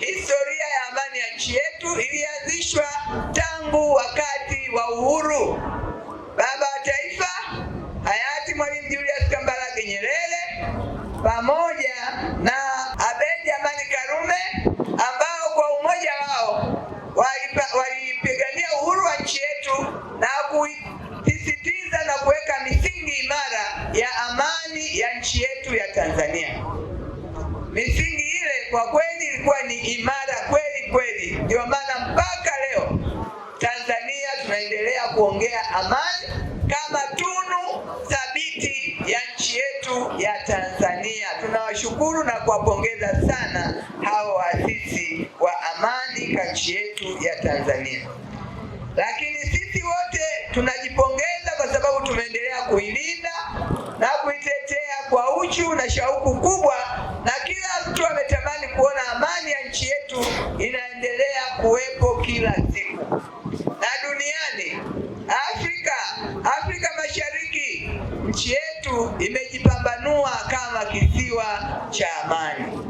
Historia ya amani ya nchi yetu ilianzishwa tangu wakati wa uhuru. Baba wa taifa hayati Mwalimu Julius Kambarage Nyerere pamoja na Abeid Amani Karume ambao kwa umoja wao walipigania uhuru wa nchi yetu na kuisisitiza na kuweka misingi imara ya amani ya nchi yetu ya Tanzania. Misingi ile kwa kweli ilikuwa ni imara kweli kweli. Ndio maana mpaka leo Tanzania tunaendelea kuongea amani kama tunu thabiti ya nchi yetu ya Tanzania. Tunawashukuru na kuwapongeza sana hao waasisi wa amani kwa nchi yetu ya Tanzania. Lakini sisi wote tunajipongeza kwa sababu tumeendelea kuilinda na kuitetea kwa uchu na shauku kubwa kuwepo kila siku na duniani. Afrika, Afrika Mashariki, nchi yetu imejipambanua kama kisiwa cha amani.